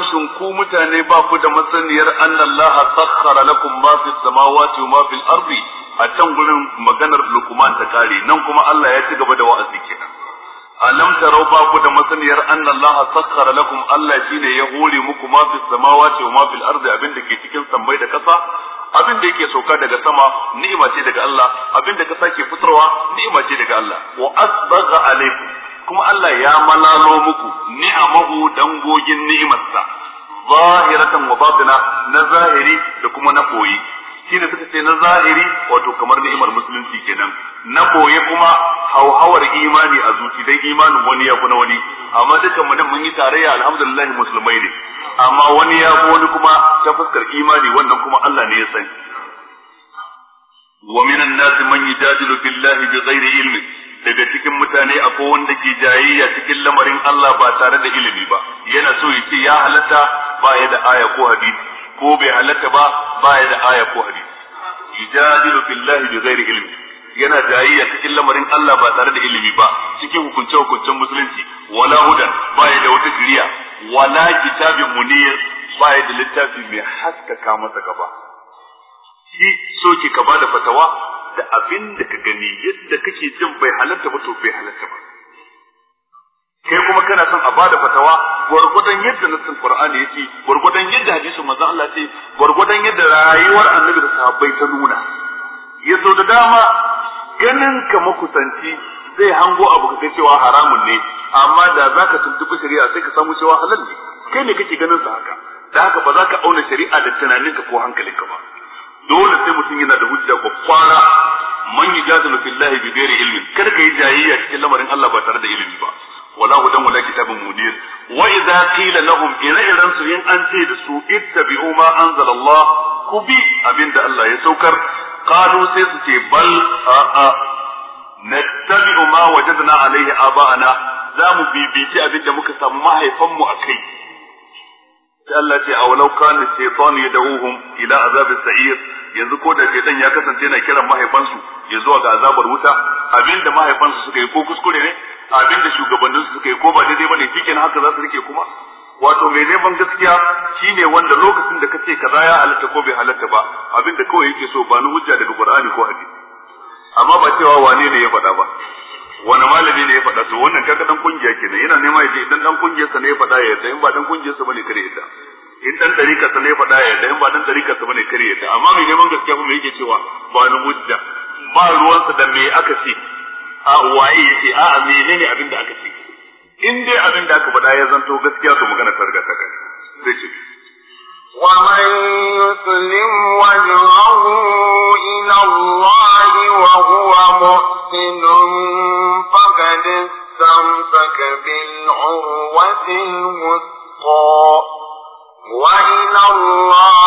shin ku mutane ba ku da masaniyar annallaha sakhkhara lakum ma fis samawati wa ma fil ardi a can gurin maganar lukman ta kare nan kuma Allah ya ci gaba da wa'azi kenan alam tarau ba ku da masaniyar annallaha sakhkhara lakum Allah shine ya hore muku ma fis samawati wa ma fil ardi abin da ke cikin sammai da kasa abin da yake sauka daga sama ni'ima ce daga Allah abin da kasa ke fitarwa ni'ima ce daga Allah wa asbagha alaikum kuma Allah ya malalo muku ni'amahu dangogin ni'imarsa zahiratan wa batina na zahiri da kuma na koyi shine suka ce na zahiri wato kamar ni'imar musulunci kenan na koyi kuma hauhawar imani a zuci dai imanin wani ya na wani amma dukan mu nan mun yi tarayya alhamdulillah musulmai ne amma wani ya wani kuma ta fuskar imani wannan kuma Allah ne ya sani ومن الناس من يجادل في بغير علم daga cikin mutane akwai wanda ke jayayya cikin lamarin Allah ba tare da ilimi ba yana so ya ce ya halatta ba ya da aya ko hadisi ko bai halatta ba ba ya da aya ko hadisi yujadilu billahi bi ghairi ilmi yana jayayya cikin lamarin Allah ba tare da ilimi ba cikin hukunce hukuncen musulunci wala hudan ba ya da wata shiriya wala kitabin munir ba ya da littafi mai haskaka masa gaba shi so ki ka bada fatawa da abin da ka gani yadda kake jin bai halatta ba to bai halatta ba kai kuma kana son a bada fatawa gwargwadon yadda nassin qur'ani yake gwargwadon yadda hadisin manzo Allah ce gwargwadon yadda rayuwar annabi da sahabbai ta nuna yaso da dama ganin ka makusanci zai hango abu ka cewa haramun ne amma da zaka tuntubi shari'a sai ka samu cewa halal ne kai ne kake ganin sa haka da haka ba za ka auna shari'a da tunaninka ko hankalinka ba dole sai mutum yana da hujja ko kwara man fi fillahi bi ghairi ilmin kada yi jayayya cikin lamarin Allah ba tare da ilimi ba wala hudan wala kitabun munir wa idza qila lahum ila su in an ce da su ittabi'u ma anzala Allah ku bi abinda Allah ya saukar qalu sai su ce bal a a nattabi'u ma wajadna alaihi aba'ana za mu bibici abinda muka samu mahaifanmu akai Allah ce aw law kana shaytan yad'uhum ila azab as-sa'ir yanzu ko da shaytan ya kasance yana kiran mahaifansu ya zuwa ga azabar wuta abinda mahaifansu suka yi ko kuskure ne abinda shugabannin su suka yi ko ba daidai bane cikin haka za su rike kuma wato mai neman gaskiya shine wanda lokacin da kace kaza ya halatta ko bai halatta ba abinda kawai yake so ba ni hujja daga Qur'ani ko hadisi amma ba cewa wane ne ya faɗa ba wani malami ne ya faɗa su? wannan kaga dan kungiya kenan yana nema ya ce idan dan sa ne ya faɗa ya yadda, in ba dan sa bane kare ta. in dan sa ne ya faɗa ya yadda, in ba dan sa bane kare ta. amma mai neman gaskiya kuma yake cewa ba ni hujja ba ruwansa da me aka ce a waye yake. a a menene abin da aka ce in dai abin da aka faɗa ya zanto gaskiya to magana ta riga ta kai sai ce ومن يسلم وجهه إلى الله باطل فقد استمسك بالعروة الوثقى وإلى الله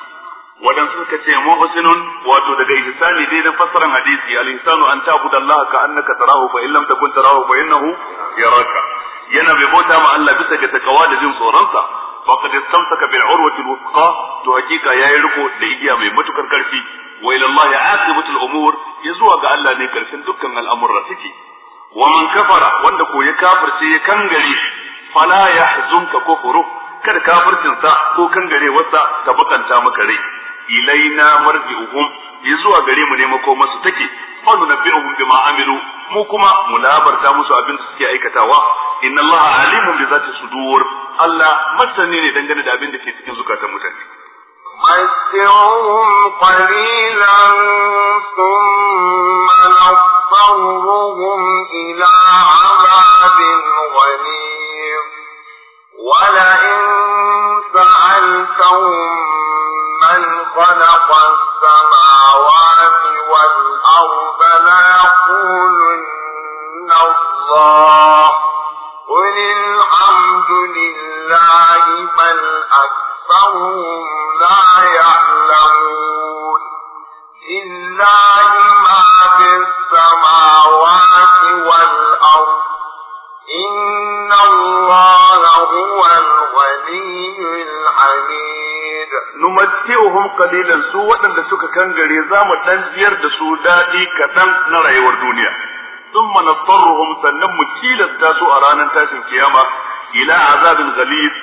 waɗansu suka ce muhsinun wato daga ihsani dai na fassaran hadisi al ihsanu an ta'budu Allah ka annaka tarahu fa in lam takun tarahu fa innahu yaraka yana bai bauta ma Allah bisa ga takawa da jin tsoronsa faqad istamsaka bil urwati wuthqa to hakika yayi riko da igiya mai matukar karfi wa ila Allah aqibatul umur zuwa ga Allah ne karfin dukkan al'amurra suke wa man kafara wanda ko ya kafirce ya kangare fala yahzunka kufru kada kafircin sa ko kangarewarsa ta bakanta maka rai ilaina marji'uhum zuwa gare mu ne ko masu take fa nunabbi'uhum bima amilu mu kuma mu labarta musu abin da suke aikatawa inna allaha alimun bi zati sudur Allah masani ne dangane da abin da ke cikin zukatan mutane متعهم قليلا ثم نضطرهم إلى عذاب غليظ ولا minhum qalilan su waɗanda suka kangare za mu ɗan biyar da su daɗi kaɗan na rayuwar duniya thumma nadarruhum sannan mu tilasta su a ranar tashin kiyama ila azabin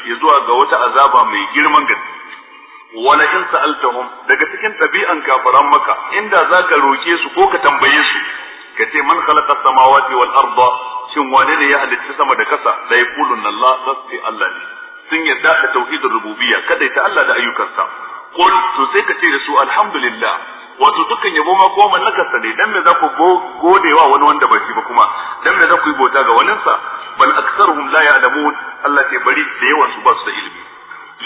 ya zuwa ga wata azaba mai girman gaske wala in sa'altahum daga cikin ɗabi'an kafaran maka inda zaka roke su ko ka tambaye su ka ce man khalaqa samawati wal arda shin wane ne ya halicci sama da kasa la yaqulun Allah zasti Allah ne sun yadda da tauhidin rububiyya kada ta Allah da ayyukansa qul to sai ka ce da su alhamdulillah wato dukkan yabo ma ko sa ne dan me za ku godewa wani wanda ba shi ba kuma dan me za ku yi bauta ga wani sa bal aktsaruhum la ya'lamun Allah ke bari da yawan su ba su da ilimi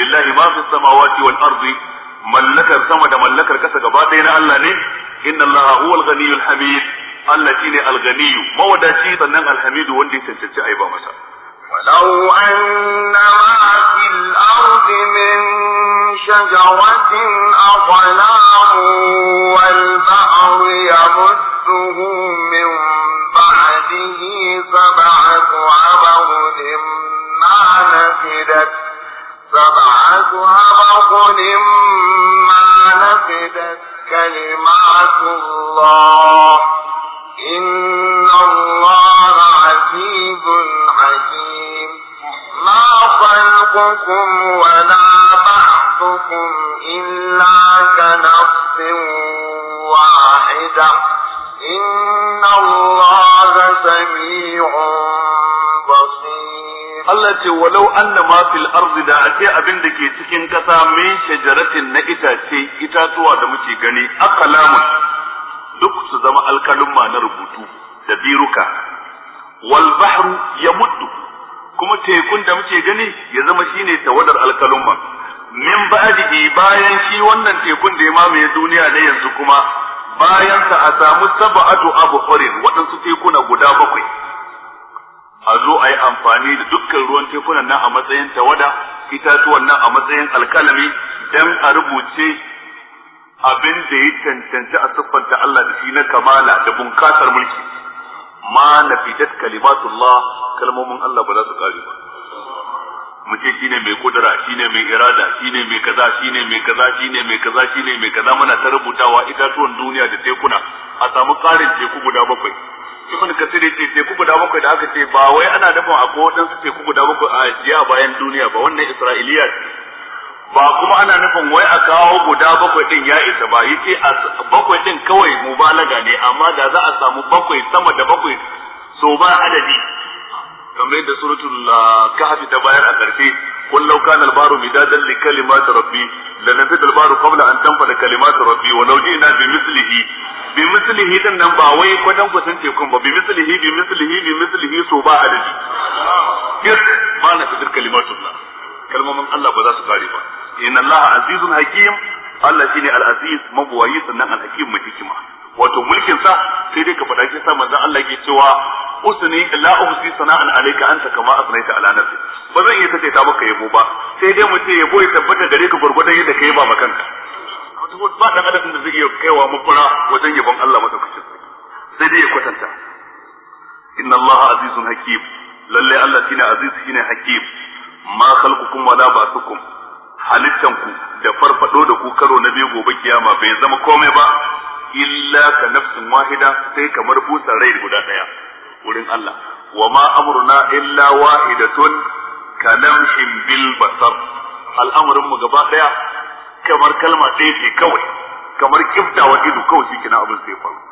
lillahi ma fi samawati wal ardi mallakar sama da mallakar kasa gaba ɗaya na Allah ne inna Allah huwa al-ghaniyyul hamid Allah shine al-ghaniy mawadaci sannan al-hamid wanda ya cancanci ai ba masa walau anna ma fil ardi min شجرة أظلام والبحر يمده من بعده سبعة عبر ما نفدت سبعة ما نفدت كلمات لكم إلا كنفس واحدة إن الله سميع بصير Allah ce walau anna fil ardi da ake abin da ke cikin kasa min shajaratin na itace itatuwa da muke gani akalamun duk su zama alkalumma na rubutu da biruka wal ya muddu kuma tekun da muke gani ya zama shine tawadar alkalumma min ba'dihi bayan shi wannan tekun da ya mamaye duniya ne yanzu kuma bayan sa a samu sab'atu abhurin waɗansu tekuna guda bakwai a zo a yi amfani da dukkan ruwan tekunan nan a matsayin tawada itatuwan nan a matsayin alkalami dan a rubuce abin da ya tantance a siffanta Allah da shi na kamala da bunkasar mulki ma nafidat kalimatullah kalmomin Allah ba za su kare ba mu ce shine mai kudura shine mai irada shine mai kaza shine mai kaza shine mai kaza shine mai kaza muna ta rubutawa itatuwan duniya da tekuna a samu karin teku guda bakwai ibn kasir yace teku guda bakwai da aka ce ba wai ana nufin akwai wadansu teku guda bakwai a jiya bayan duniya ba wannan isra'iliya ba kuma ana nufin wai a kawo guda bakwai din ya isa ba yace bakwai din kawai mubalaga ne amma da za a samu bakwai sama da bakwai so ba adadi kamar yadda suratul ah, kahf ta bayar a karfe kun lauka kana al-baru midadan li kalimati rabbi lanafida al-baru kwamla an tanfada kalimatu rabbi wa law ji'na bi mislihi bi mislihi din nan ba wai kwatan kwatan tekun ba bi mislihi bi mislihi bi mislihi so ba adadi duk ba na fitar kalimatullah kalmomin Allah ba za su kare ba inna Allah azizun hakim Allah shine al-aziz mabuwayi sannan al-hakim mai hikima wato mulkin sa sai dai ka faɗa shi sa manzon Allah yake cewa usni la uhsi sana'an alayka anta kama asnaita ala nafsi ba zan iya kace ta maka yabo ba sai dai mu ce yabo ya tabbata gare ka gurgurdan yadda kai ba makanka ba dan adam da zai iya kaiwa mafara wajen yabon Allah madaukakin sai dai ya kwatanta inna Allah azizun hakim lalle Allah shine aziz shine hakim ma khalqukum wala ba'thukum halittanku da farfado da ku karo na bego gobe kiyama bai zama komai ba illa ka nafsin wahida sai kamar busar rai guda daya wurin Allah wa ma amruna illa wahidatun kalamhin bil basar al'amarin mu gaba daya kamar kalma ɗaya ce kawai kamar kiftawa ido kawai shi kina abin sai faru